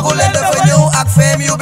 dogu leen dafa ak feem yu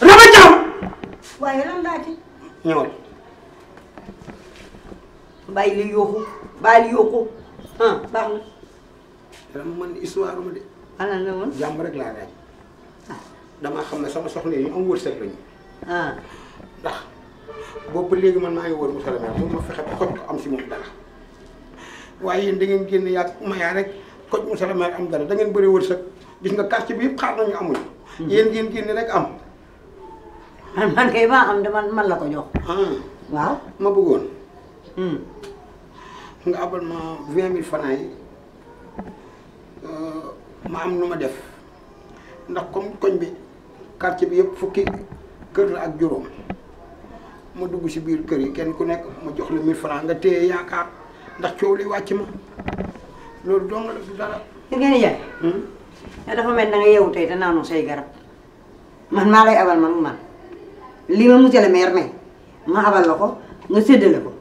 Rama Thiam. waaye lan laa ci. ñëwal. bàyyi li yooku bàyyi li yooku ah baax na. dama man histoire ma de. ala la woon jàmm rek laa laaj. dama xam ne sama soxla yi ñu am wërsëg lañu. ndax boobu léegi man maa ngi wër monsieur le ma fexe ba ko am si moom dara waaye yéen da ngeen génn yaa mayaa rek ko monsieur le maire am dara da ngeen bëri wërsëg gis nga quartier bi yëpp xaar nañu amuñu. Hmm. yéen ngeen génn rek am. man kay maa am dama man la ko jox. waaw ma bëggoon. nga abal ma vingt mille francs yi ma am nu ma def ndax comme koñ bi quartier bi yëpp fukki kër la ak juróom ma dugg ci biir kër yi kenn ku nekk mu jox la mille francs nga téye yaakaar ndax coow li wàcc ma loolu dong la du dara. li hmm? dafa mel na nga yeewu tey te naanu say garab man maa lay abal man man. li ma monsieur le maire may ma abal la ko nga séddale ko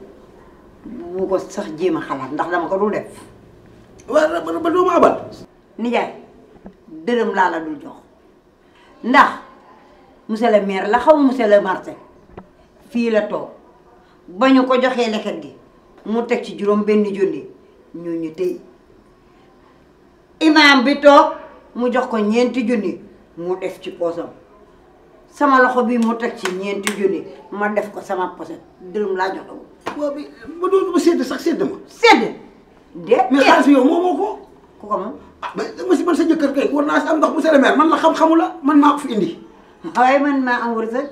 bu ko sax jéem xalaat ndax dama ko dul def. waaw ba doo ma nijaay dërëm laa la dul jox ndax monsieur le maire la xaw monsieur le marché fii la toog ba ñu ko joxee leket gi mu teg ci juróom benn junni ñooñu tey imaam bi toog mu jox ko ñeenti junni mu def ci poosam. sama loxo bii mu teg ci ñeenti junni ma def ko sama poset dërëm laa jox ko. waaw bi ba doon sax sédd ma. sédd. de mais xaalis bi yow ko. ku ko moom. ah mais dama si am ndox monsieur le maire man la xam-xamu la man maa ko fi indi. waaye man maa am wërsëg.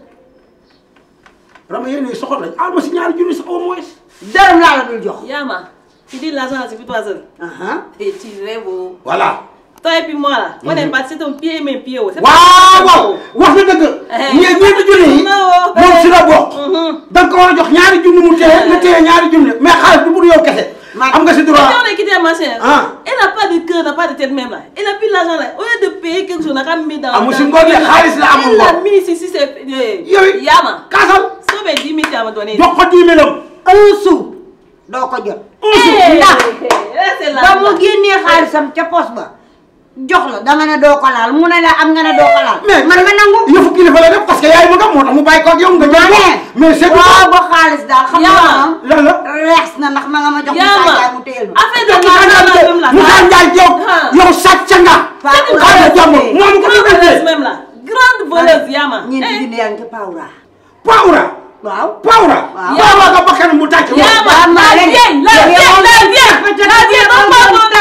rama ma si ñaari junni sax au moins. dërëm laa la dul jox. yaa ma. tu dis l'argent c'est pour toi seul. et tu rêves. voilà. tey bi moi la. on est pas c'est un a mais pied wu. waaw waaw wax na dëgg. ñeent eh. ñeenti junni yi moom eh. si la bokk. Mhm. da a jox ñaari junni mu téye eh. mu téye ñaari junni mais xaalis du pour yow kese. am nga si droit mais quand on a quitté ma chère. il ah. n'a pas de cœur n'a pas de tête même là il a plus l'argent là au lieu de payer quelque chose naka mi. dans amu si ngóor de xaalis la amul ngóor il a mis si si c'est. yooyu yaama kaasal. a bee dix mille yaama doonee. jox ko dix mille am. un sou doo ko jot. un sou ndax. ba mu génnee xaalisam ca poche ba. jox la dama ne doo ko mu ne la am nga ne doo ko laal. mais man ma nangu. yëfu kilifa la def parce que yaay mu gëm moo tax mu bàyyi koog yow. nga jox mais c'est waaw ba xaalis daal. xam nga lan la rees na ndax ma nga ma jox. Moussa Ndiaye mu téyel ma affaire de la la Moussa Ndiaye yow yow sàcc nga. waaw xaaral jàmm moom ko defee même la grande voleuse Yama. ñeenti eh? junni yaa ngi ci Paola. Paola. waaw Paola. waaw Paola nga bakkan mu tàcc. Yama la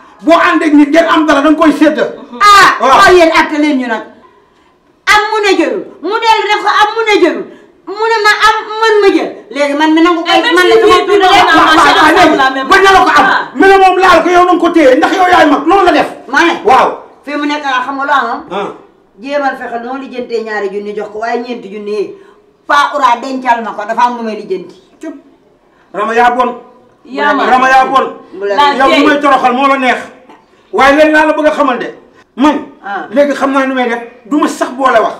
boo ànd ak nit ngeen am dara da nga koy sédd. ah waaw yéen àtte leen ñu nag. am mu ne jëlul mu dellu def ko am mu ne jëlul mu ne ma am man ma jël léegi man mi nangu koy eh, man la sama ko am. Ah. mel moom laal ko yow na téye ndax yow yaay mag loolu la def. ma ne waaw. fii mu nekk nga ah, xam nga lu am. Ah. jéemal fexe noo lijjantee ñaari junni jox ko waaye ñeenti junni yi. Paa Ura dencal ma ko dafa am lu may lijjanti. cëpp Rama yaa bon. rama yaa bon yow bu may toroxal moo la neex waaye leen laa la bëgg a xamal de man ah. léegi xam naa nu may def du ma sax boole wax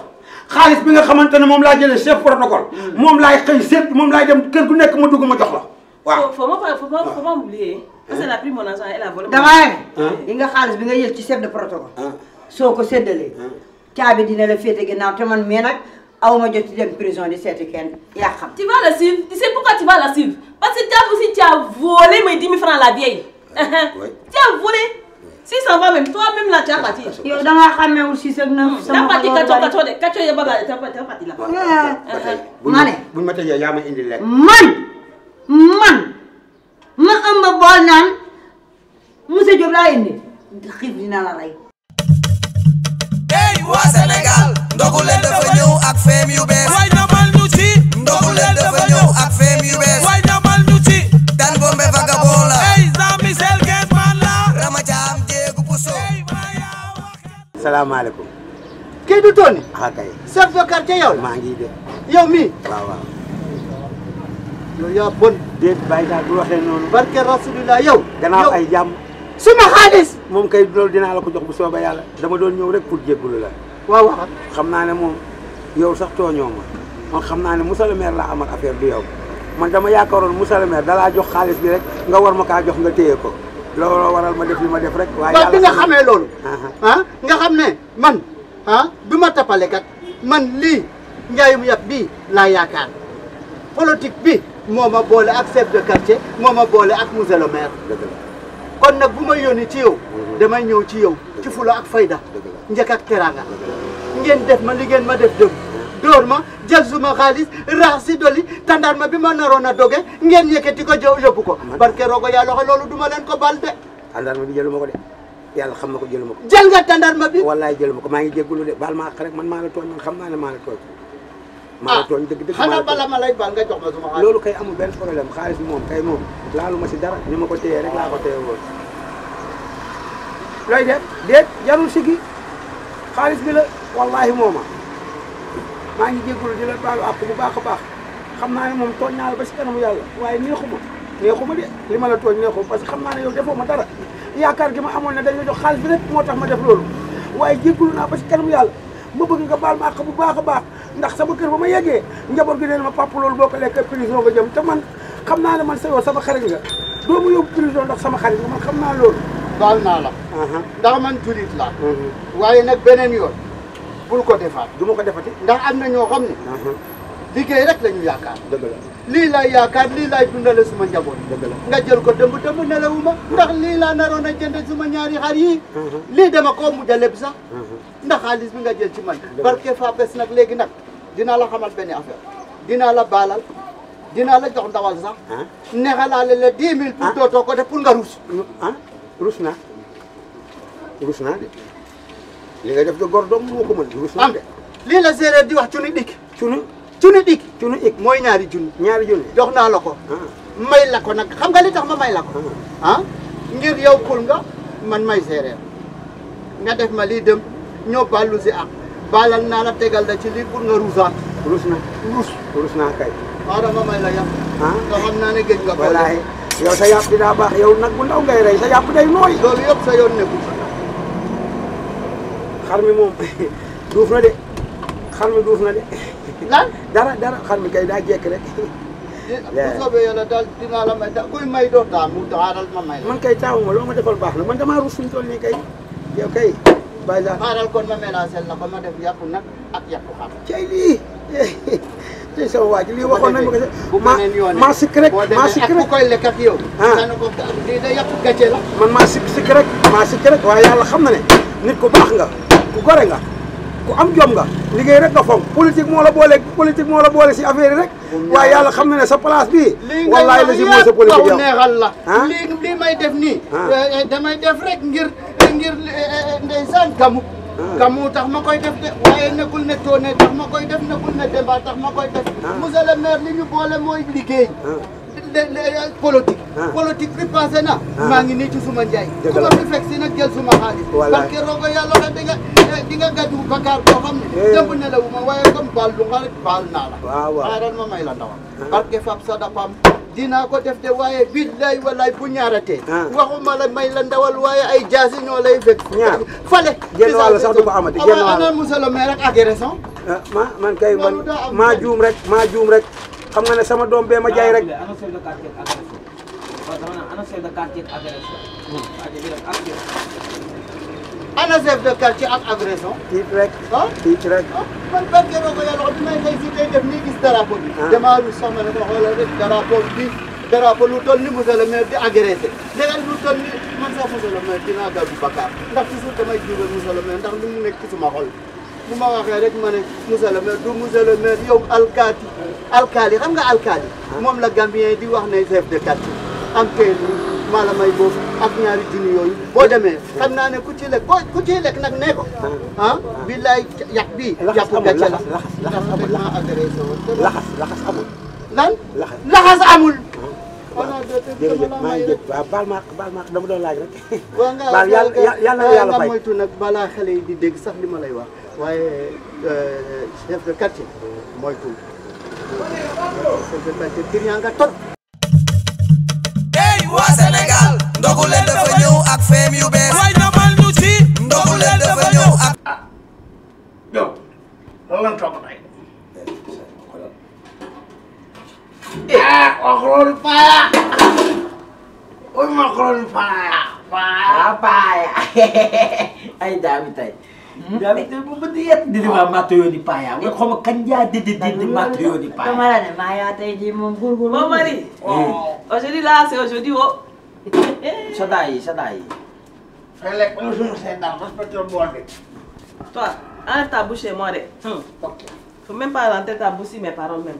xaalis bi nga xamante ne moom laa jëlee chef protocole hmm. moom laay xëy seet moom laay dem kër gu nekk ma dugg ma jox la waaw faut pas faut pas faut pas oublier parce que la prime mon argent a volé yi nga xaalis bi nga jël ci chef de protocole soo ko séddalee caabi dina la féete ginnaaw te man mais nag aw ma jot ci dem prison di seeti kenn yaa xam. tu vas la suivre tu sais pourquoi tu vas la suivre parce que tu as aussi tu as volé mes 10 000 francs la vieille. oui tu as volé. 600 va même toi même là tu as parti. yow da ngaa xàmmeewul 6 ak 9. sama xol wala kàcco kàcco de kàcco ya ah. ba la te te parti la. ma ne buñ ma tëjee yaa ma indi lekk. man man ma ëmb bool naan monsieur Diop laa indi xiif dina la rey. hey waa Sénégal. ndogule dafa ñëw ak feem yu bees waay ñamal ñu ci ndogule bombe vagabond la ay Michel Guetman la rama caam jéegu puso salaamaaleykum kii du Tony ah kay chef de yow maa ngi de yow mii waaw waaw yow yaa bon déet bàyyi daal bu waxee noonu barke rasulillah yow gannaaw ay jàmm suma xaalis moom kay lool dinaa la ko jox bu soobee yàlla dama doon ñëw rek pour jéggulu waaw waxal xam naa ne moom yow sax tooñoo ma man xam naa ne monsieur le maire laa amal affaire du yow man dama yaakaaroon monsieur le dalaa jox xaalis bi rek nga war ma kaa jox nga téye ko looloo waral ma def li ma def rek. waaye yàlla bi nga xamee loolu. Ah, ah. ah nga xam ne man ah bi ma tapale kat man lii njaayum yàpp bi laa yaakaar politique bi moo ma boole ak chef de quartier moo ma boole ak monsieur le maire. kon nag bu may yónni ci yow mhm. damay ñëw ci yow ci fula ak fayda njëkk ak teranga ngeen def ma li ngeen ma def dëgg door ma jël suma xaalis rax si doli tàndar ma bi ma naroon a doge ngeen yëkkati ko jëw yóbbu ko barke rogo yàlla loxo loolu duma leen ko baal de tàndar ma bi jëluma ko de yàlla xam na ko jëluma ko jël nga tàndar ma bi wallaay jëluma ko maa ngi jéggulu de baal ma ak rek man maa tooñ man xam naa ne maa la tooñ Ah, maa la tooñ dëgg dëgg xanaa bala ma lay baal nga jox ma suma xaalis loolu kay amul benn problème xaalis bi moom kay moom laalu ma si dara ni ma ko téyee rek laa ko téye woon looy def déet jarul sigi xaalis bi la wallahi mooma maa ngi jégalu di la baalu a bu baax a baax xam naa ne moom tooñ naa la ba si kanamu yàlla waaye neexuma neexuma de li ma la tooñ neexuma parce que xam naa ne yow defoo ma dara yaakaar gi ma na ne dañu jox xaalis bi rek moo tax ma def loolu waaye jégalu naa ba si kanamu yàlla ma bëgg nga baal ma àq bu baax a baax ndax sama kër ba ma yeggee njaboot gi neen ma papa lool boo ko lekk prison nga jëm te man xam naa ne man sa yow sama xarit nga doo ma yóbbu prison ndax sama xarit nga man xam naa loolu baal naa la uh-huh. ndax man julit la uh-huh. waaye nag beneen yoon bul ko defaat du ma ko defati ndax am na ñoo xam ne uh-huh. liggéey rek la ñu yaakaar. dëgg la lii laay yaakaar lii dundale suma njaboot. dëgg la nga jël ko dëmb dëmb nelawuma ndax lii laa naroon a jënd suma ñaari xar yii. Mhm. lii dama koo mujj a leb sax. Mhm. ndax xaalis bi nga jël ci man. barke Fapes nag léegi nag dinaa la xamal benn affaire dinaa la baalal dinaa la jox ndawal sax. neexalaale la dix mille pour ko def pour nga rus. ah rus naa rus naa de li nga def de góor doom moo ko mën rus naa de. lii la séeréer di wax cunu dikk cunu. junni dik junni ik mooy ñaari junni ñaari junni jox naa la ko ah. may la ko nag xam nga li tax ma may la ko ah, ah? ngir yow pul nga man may séeréer nga def ma lii dem ñoo lu si ak balal naa la tegal da ci lii pour nga ruusaat ruus na ruus ruus naa kay waaw ah, dama may la yàpp ah nga xam naa ne géej nga ko wallaahi sa yàpp dinaa baax yow nag bu ndaw ngay rey sa yàpp day nooy loolu yëpp sa yoon nekku xar mi moom duuf na de xar mi duuf na de lan dara dara xar mi kay daa jekk rek. bu soobee yàlla daal dinaa la may da kuy may doo taa mu aaral ma may. man kay taawu ma loo ma defal baax na man damaa rus suñu tool nii kay yow kay. bàyyi laa aaral kon ma la ko ma def yàpp nag ak yàpp xam. cay lii tey waxoon nañu ko ma ma sikk ma sikk rek boo demee ak ku koy lekk ak yow. daanaka ah. ko lii day yàpp la. xam na ne nit ku baax nga ku gore nga. ku am jom nga liggéey rek nga fonk politique moo la boole politique moo la boole si affaire rek waaye yàlla xam na ne sa place bi wallaay la si mooy sa politique yow neexal la ah? lii lii may def nii ah. eh, eh, damay def rek ngir eh, ngir ndeysaan gamu gamu ah. tax ma koy def de waaye nekkul ne toone tax ma koy def nekkul ne débat tax ma koy def monsieur le maire li ñu boole mooy liggéey politique. Ah. politique bi passé na. Ah. maa ngi nii ci suma njaay. dëgg la fekk si nag jël suma xaalis. parce que rogo yàlla la di nga di nga gàddu bakkaar boo xam ne. Eh. démb nelawu ma waaye comme baal lu xarit baal naa la. waaw waaw ren la ndawam. Ah. parce que fab sa dapam dinaa ko def de waaye bu ñaaratee. waxuma la may la ndawal waaye ay jaasi ñoo lay fekk. ñaar fale. genn wàll sax du ko amati genn wàll ana monsieur le maire ak agression. ma man kay man maa juum rek maa juum rek. xam nga ne sama doom bee ma jaay rek. ana chef de quartier ak agression. ana chef de quartier ak agression. tiit rek. ah tiit rek. ah man barke na ko yàlla wax bi may xëy si day def nii gis drapeau bi. damaa lu soxla ne ko xoolal rek drapeau bi drapeau lu toll ni monsieur le maire di agressé. léeg lu toll ni man sax monsieur le maire dinaa gàddu bakkaar ndax toujours damay jubal monsieur le maire ndax lu mu nekk ci suma xol. mu ma waxee rek ma ne monsieur le maire du monsieur le maire yow alkaati alkaali xam nga alkaali moom la Gambien di wax ne chef de quartier am teel maa la may boobu ak ñaari junni yooyu boo demee xam naa ne ku ci lekk boo ku ci lekk nag nee ko ah billaay bi bii yàqu gàcce la laxas laxas amul laxas laxas amul jërëjëf maa ngi jëf waaw baal ma baal ma dama doon balaa xale yi di dégg sax li ma lay wax waaye euh, chef de quartier moytu chef de quartier kii waa Sénégal ndogu leen dafa ak feem yu bees. waay namal ñu ci ndogu leen dafa ñëw ak. ah donc lan eh ah, macaroni pala oy macaroni pala pala pala ay dami tay hmm? dami tay bu bëgg yett di ma matt yoon di paya nga xam kañ jaa di di di matt yoon di paya dama la ne maa yaa tey di moom gurguru moom mari aujourd'hui eh. là c'est aujourd'hui oh sada yi sada yi fele ko sunu seetaan respecte boole toi arrête ta bouche et moi de faut même pas rentrer ta bouche mes paroles même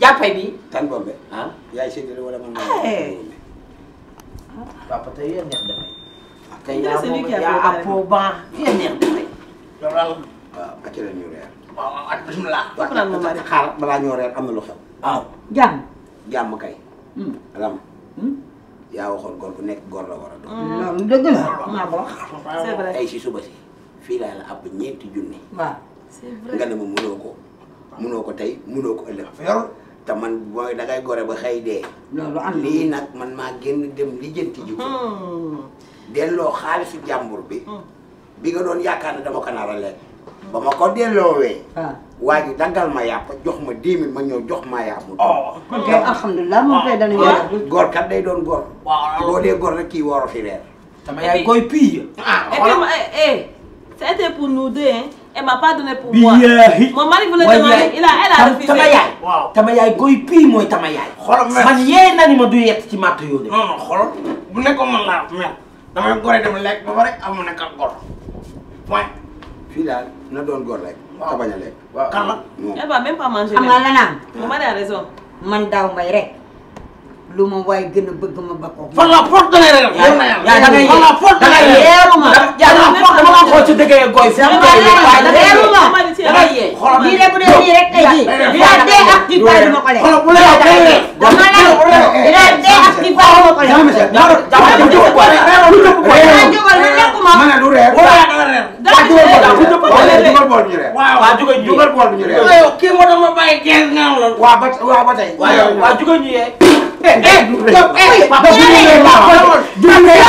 jàppay bi. tan bombe ah. yaay séddale wala man eh. papa tey yéen neex dafay. Ah, kay yaa neex dafay. Ah, ñu reer. waaw am na lu xew. waaw ah. kay. Hmm. Hmm? yaa waxoon góor bu nekk góor la war a doon. Hmm. loolu dëgg la maa ko si suba si fii laa la ab ñeenti junni. nga ne ma mënoo ko. munoo ko tey munoo ko ëllëg yor te man booy dangay gore ba xëy dee lii nag man maa génn dem lijjanti ji ko hmm. delloo xaalisu jàmbur bi hmm. bi nga doon yaakaar ne dama ko nar a lekk ba ma ko delloo ah. waa ji daggal ma yàpp jox ma dix mille ma ñëw jox ma yàpp kon oh. kay hmm. alhamdulilah moom kay dana ah. Ah. góor kat day doon góor boo dee góor rek kii woro fi reer sama yaay koy pii ah eh, eh, c'était pour nous deux elle m'a pas donné pour moi. mon mari voulait demander il a elle a refusé. sama yaay sama yaay goy pii mooy sama yaay. xoolal mère man yee na ni ma du yett ci matt yoo de. non non xoolal bu nekkoon man laa mère damay gore dem lekk ba pare am mu nekk ak gor point. fii daal na doon gor rek. waaw bañ a lekk. waaw kan la. elle va même pas manger. xam nga la naan. mon mari a raison. man daaw mbay rek. lu ma waay gën a bëgg ma ba ko. fan la porte da ngay réer. yaa yaa da ngay yeeru ma. ci dëggee goy fu mu dëggee goy fu mu dëggee